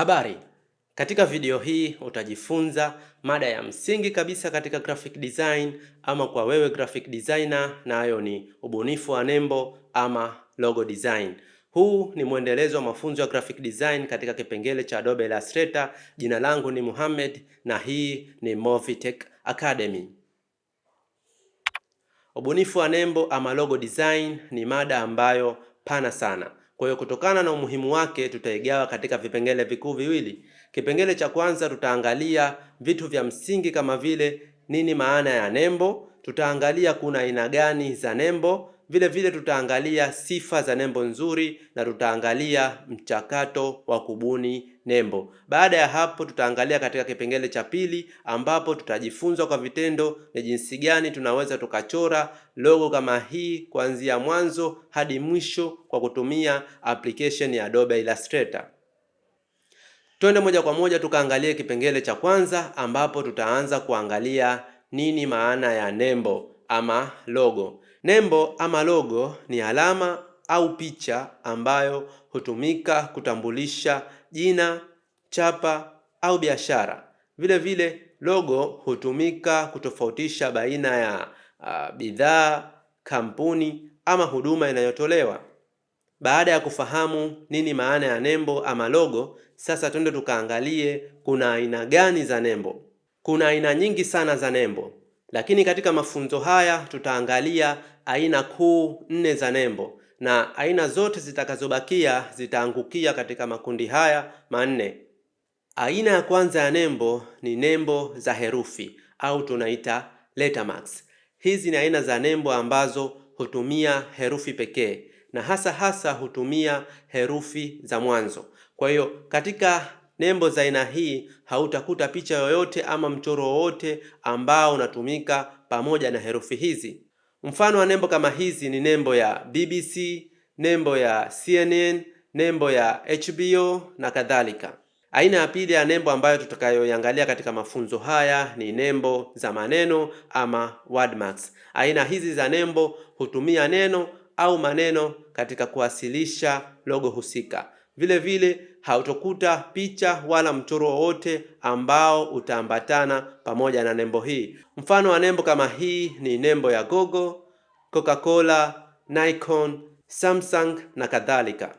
Habari. Katika video hii utajifunza mada ya msingi kabisa katika graphic design ama kwa wewe graphic designer, nayo ni ubunifu wa nembo ama logo design. Huu ni mwendelezo wa mafunzo ya graphic design katika kipengele cha Adobe Illustrator. Jina langu ni Muhammad na hii ni Movitech Academy. Ubunifu wa nembo ama logo design ni mada ambayo pana sana kwa hiyo kutokana na umuhimu wake tutaigawa katika vipengele vikuu viwili. Kipengele cha kwanza tutaangalia vitu vya msingi kama vile nini maana ya nembo, tutaangalia kuna aina gani za nembo vile vile tutaangalia sifa za nembo nzuri na tutaangalia mchakato wa kubuni nembo. Baada ya hapo, tutaangalia katika kipengele cha pili, ambapo tutajifunza kwa vitendo ni jinsi gani tunaweza tukachora logo kama hii kuanzia mwanzo hadi mwisho kwa kutumia application ya Adobe Illustrator. Twende moja kwa moja tukaangalie kipengele cha kwanza, ambapo tutaanza kuangalia nini maana ya nembo ama logo. Nembo ama logo ni alama au picha ambayo hutumika kutambulisha jina, chapa au biashara. Vile vile logo hutumika kutofautisha baina ya uh, bidhaa, kampuni ama huduma inayotolewa. Baada ya kufahamu nini maana ya nembo ama logo, sasa twende tukaangalie kuna aina gani za nembo. Kuna aina nyingi sana za nembo. Lakini katika mafunzo haya tutaangalia aina kuu nne za nembo na aina zote zitakazobakia zitaangukia katika makundi haya manne. Aina ya kwanza ya nembo ni nembo za herufi au tunaita letter marks. Hizi ni aina za nembo ambazo hutumia herufi pekee na hasa hasa hutumia herufi za mwanzo. Kwa hiyo katika nembo za aina hii hautakuta picha yoyote ama mchoro wowote ambao unatumika pamoja na herufi hizi. Mfano wa nembo kama hizi ni nembo ya BBC, nembo ya CNN, nembo ya HBO na kadhalika. Aina ya pili ya nembo ambayo tutakayoiangalia katika mafunzo haya ni nembo za maneno ama wordmarks. Aina hizi za nembo hutumia neno au maneno katika kuwasilisha logo husika. Vile vile hautokuta picha wala mchoro wowote ambao utaambatana pamoja na nembo hii. Mfano wa nembo kama hii ni nembo ya Google, Coca-Cola, Nikon, Samsung na kadhalika.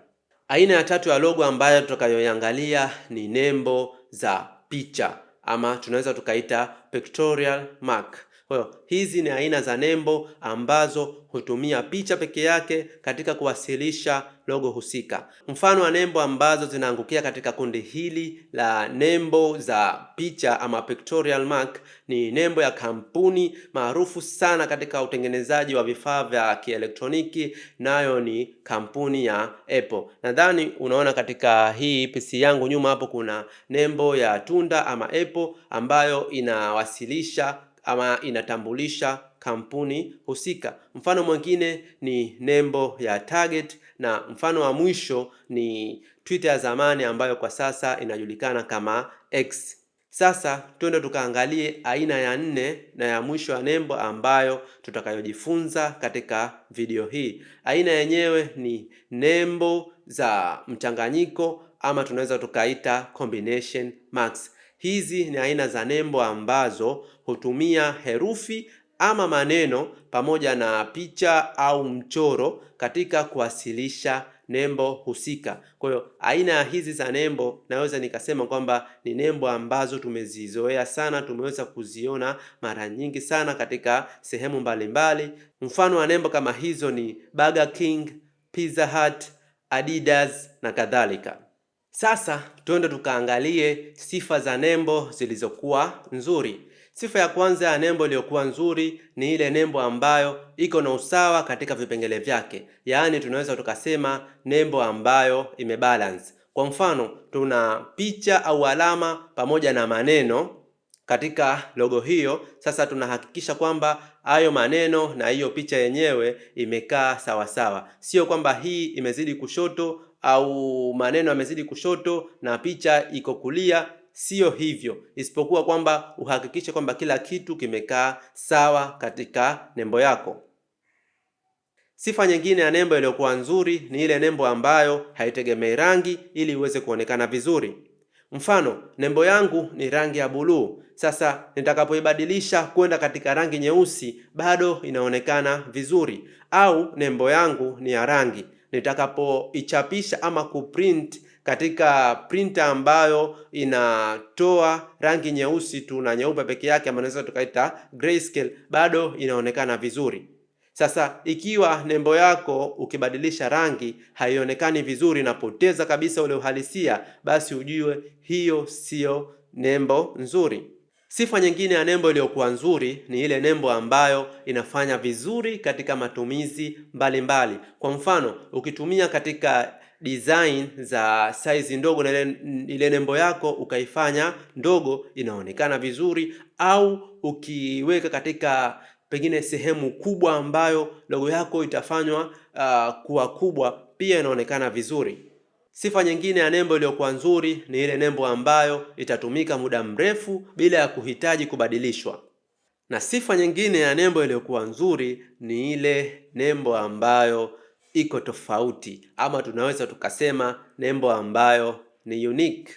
Aina ya tatu ya logo ambayo tutakayoiangalia ni nembo za picha ama tunaweza tukaita pictorial mark. Kwa hiyo hizi ni aina za nembo ambazo hutumia picha peke yake katika kuwasilisha logo husika. Mfano wa nembo ambazo zinaangukia katika kundi hili la nembo za picha ama pictorial mark ni nembo ya kampuni maarufu sana katika utengenezaji wa vifaa vya kielektroniki, nayo ni kampuni ya Apple. Nadhani unaona katika hii PC yangu nyuma hapo kuna nembo ya tunda ama Apple ambayo inawasilisha ama inatambulisha kampuni husika. Mfano mwingine ni nembo ya Target na mfano wa mwisho ni Twitter ya zamani ambayo kwa sasa inajulikana kama X. Sasa twende tukaangalie aina ya nne na ya mwisho ya nembo ambayo tutakayojifunza katika video hii. Aina yenyewe ni nembo za mchanganyiko ama tunaweza tukaita combination marks. Hizi ni aina za nembo ambazo hutumia herufi ama maneno pamoja na picha au mchoro katika kuwasilisha nembo husika. Kwa hiyo aina hizi za nembo naweza nikasema kwamba ni nembo ambazo tumezizoea sana, tumeweza kuziona mara nyingi sana katika sehemu mbalimbali. Mfano wa nembo kama hizo ni Burger King, Pizza Hut, Adidas na kadhalika. Sasa twende tukaangalie sifa za nembo zilizokuwa nzuri. Sifa ya kwanza ya nembo iliyokuwa nzuri ni ile nembo ambayo iko na usawa katika vipengele vyake, yaani tunaweza tukasema nembo ambayo imebalance. Kwa mfano, tuna picha au alama pamoja na maneno katika logo hiyo. Sasa tunahakikisha kwamba hayo maneno na hiyo picha yenyewe imekaa sawasawa, sio kwamba hii imezidi kushoto au maneno yamezidi kushoto na picha iko kulia. Siyo hivyo, isipokuwa kwamba uhakikishe kwamba kila kitu kimekaa sawa katika nembo yako. Sifa nyingine ya nembo iliyokuwa nzuri ni ile nembo ambayo haitegemei rangi ili iweze kuonekana vizuri. Mfano, nembo yangu ni rangi ya buluu. Sasa nitakapoibadilisha kwenda katika rangi nyeusi, bado inaonekana vizuri. Au nembo yangu ni ya rangi nitakapoichapisha ama kuprint katika printer ambayo inatoa rangi nyeusi tu na nyeupe peke yake, ambayo naweza tukaita grayscale, bado inaonekana vizuri. Sasa ikiwa nembo yako ukibadilisha rangi haionekani vizuri, inapoteza kabisa ule uhalisia, basi ujue hiyo siyo nembo nzuri. Sifa nyingine ya nembo iliyokuwa nzuri ni ile nembo ambayo inafanya vizuri katika matumizi mbalimbali mbali. Kwa mfano ukitumia katika design za size ndogo na ile, nembo yako ukaifanya ndogo inaonekana vizuri, au ukiweka katika pengine sehemu kubwa ambayo logo yako itafanywa uh, kuwa kubwa pia inaonekana vizuri. Sifa nyingine ya nembo iliyokuwa nzuri ni ile nembo ambayo itatumika muda mrefu bila ya kuhitaji kubadilishwa, na sifa nyingine ya nembo iliyokuwa nzuri ni ile nembo ambayo iko tofauti, ama tunaweza tukasema nembo ambayo ni unique.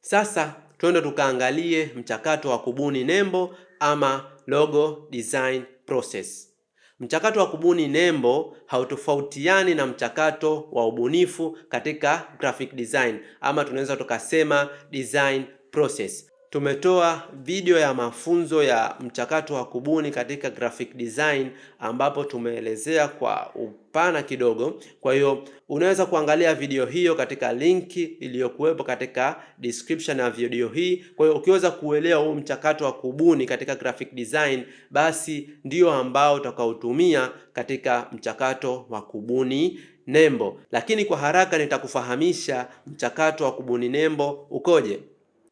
Sasa twende tukaangalie mchakato wa kubuni nembo ama logo design process. Mchakato wa kubuni nembo hautofautiani na mchakato wa ubunifu katika graphic design, ama tunaweza tukasema design process. Tumetoa video ya mafunzo ya mchakato wa kubuni katika graphic design ambapo tumeelezea kwa upana kidogo. Kwa hiyo unaweza kuangalia video hiyo katika linki iliyokuwepo katika description ya video hii. Kwa hiyo ukiweza kuelewa huu mchakato wa kubuni katika graphic design, basi ndio ambao utakaotumia katika mchakato wa kubuni nembo. Lakini kwa haraka nitakufahamisha mchakato wa kubuni nembo ukoje.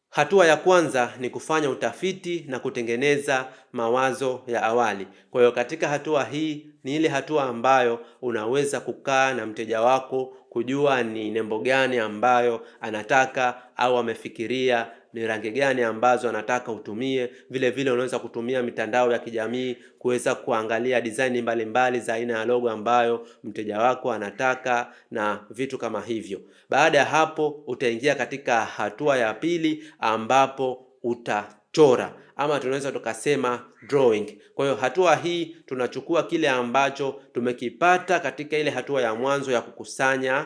Hatua ya kwanza ni kufanya utafiti na kutengeneza mawazo ya awali. Kwa hiyo katika hatua hii ni ile hatua ambayo unaweza kukaa na mteja wako kujua ni nembo gani ambayo anataka au amefikiria ni rangi gani ambazo anataka utumie. Vile vile unaweza kutumia mitandao ya kijamii kuweza kuangalia design mbalimbali za aina ya logo ambayo mteja wako anataka na vitu kama hivyo. Baada ya hapo, utaingia katika hatua ya pili ambapo uta tukachora ama tunaweza tukasema drawing. Kwa hiyo hatua hii tunachukua kile ambacho tumekipata katika ile hatua ya mwanzo ya kukusanya a,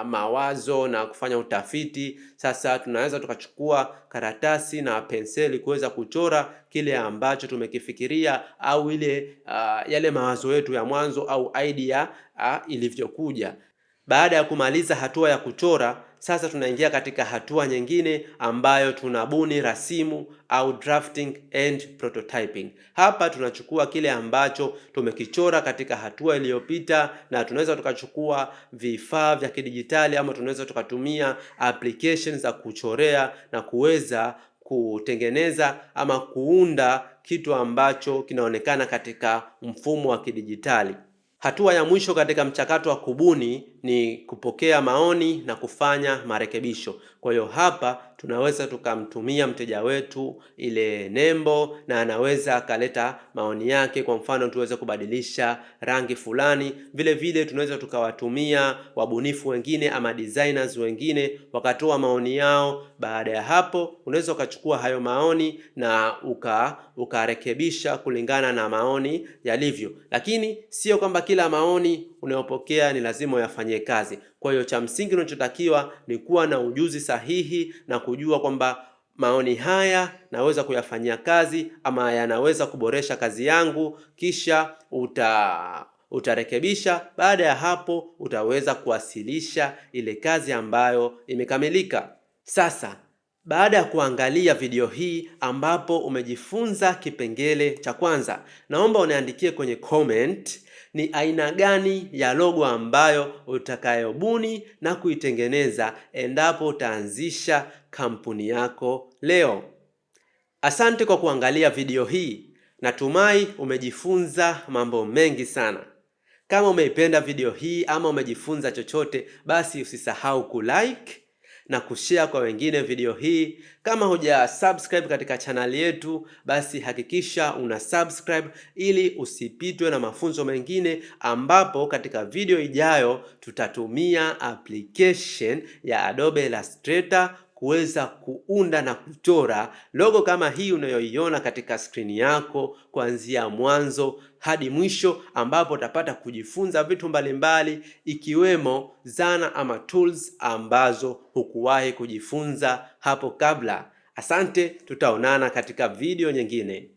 ah, mawazo na kufanya utafiti. Sasa tunaweza tukachukua karatasi na penseli kuweza kuchora kile ambacho tumekifikiria au ile a, ah, yale mawazo yetu ya mwanzo au idea ah, ilivyokuja. Baada ya kumaliza hatua ya kuchora, sasa tunaingia katika hatua nyingine ambayo tunabuni rasimu au drafting and prototyping. Hapa tunachukua kile ambacho tumekichora katika hatua iliyopita, na tunaweza tukachukua vifaa vya kidijitali ama tunaweza tukatumia applications za kuchorea na kuweza kutengeneza ama kuunda kitu ambacho kinaonekana katika mfumo wa kidijitali. Hatua ya mwisho katika mchakato wa kubuni ni kupokea maoni na kufanya marekebisho. Kwa hiyo hapa tunaweza tukamtumia mteja wetu ile nembo na anaweza akaleta maoni yake. Kwa mfano, tuweze kubadilisha rangi fulani. Vile vile tunaweza tukawatumia wabunifu wengine ama designers wengine wakatoa maoni yao. Baada ya hapo, unaweza ukachukua hayo maoni na uka ukarekebisha kulingana na maoni yalivyo, lakini sio kwamba kila maoni unayopokea ni lazima uyafanyie kazi. Kwa hiyo cha msingi unachotakiwa ni kuwa na ujuzi sahihi na kujua kwamba maoni haya naweza kuyafanyia kazi ama yanaweza kuboresha kazi yangu, kisha uta utarekebisha. Baada ya hapo, utaweza kuwasilisha ile kazi ambayo imekamilika. Sasa baada ya kuangalia video hii ambapo umejifunza kipengele cha kwanza, naomba uniandikie kwenye comment ni aina gani ya logo ambayo utakayobuni na kuitengeneza endapo utaanzisha kampuni yako leo. Asante kwa kuangalia video hii. Natumai umejifunza mambo mengi sana. Kama umeipenda video hii ama umejifunza chochote, basi usisahau kulike na kushare kwa wengine video hii. Kama huja subscribe katika chaneli yetu, basi hakikisha una subscribe ili usipitwe na mafunzo mengine, ambapo katika video ijayo tutatumia application ya Adobe Illustrator kuweza kuunda na kuchora logo kama hii unayoiona katika skrini yako kuanzia mwanzo hadi mwisho, ambapo utapata kujifunza vitu mbalimbali ikiwemo zana ama tools ambazo hukuwahi kujifunza hapo kabla. Asante, tutaonana katika video nyingine.